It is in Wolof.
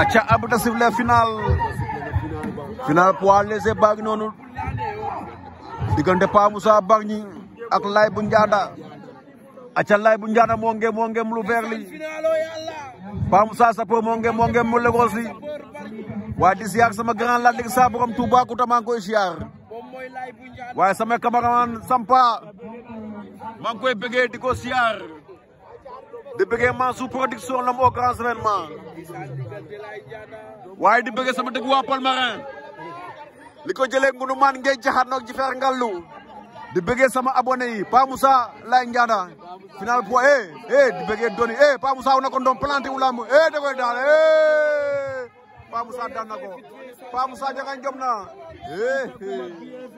अच्छा अब तस्वीर final final final léger baa ngi noonu diggante Pa Moussa Bargny bunjada, Laye bu Ndianda aca Laye bu Ndianda moo nge moo ngem lu vert li Pa Moussa Sapeur moo sama grand Laat Léegi tuba borom Toubacouta maa ngi koy siyaar waaye sama cameraman Sampa maa ngi koy di ma sou production lam au grand événement way di bëggé sama dëgg waa Palmarin Liko jëlé jëlee ngunu man ngay jaxat nok ji fer ngalu di bëggé sama abonné yi Pa Moussa lay njaana final point eh eh di bëggé doni eh Pa Moussa wu na ko planté wu lamb eh da koy dal eh Pa Moussa dal nako Pa Moussa jaxan jom na eh, eh.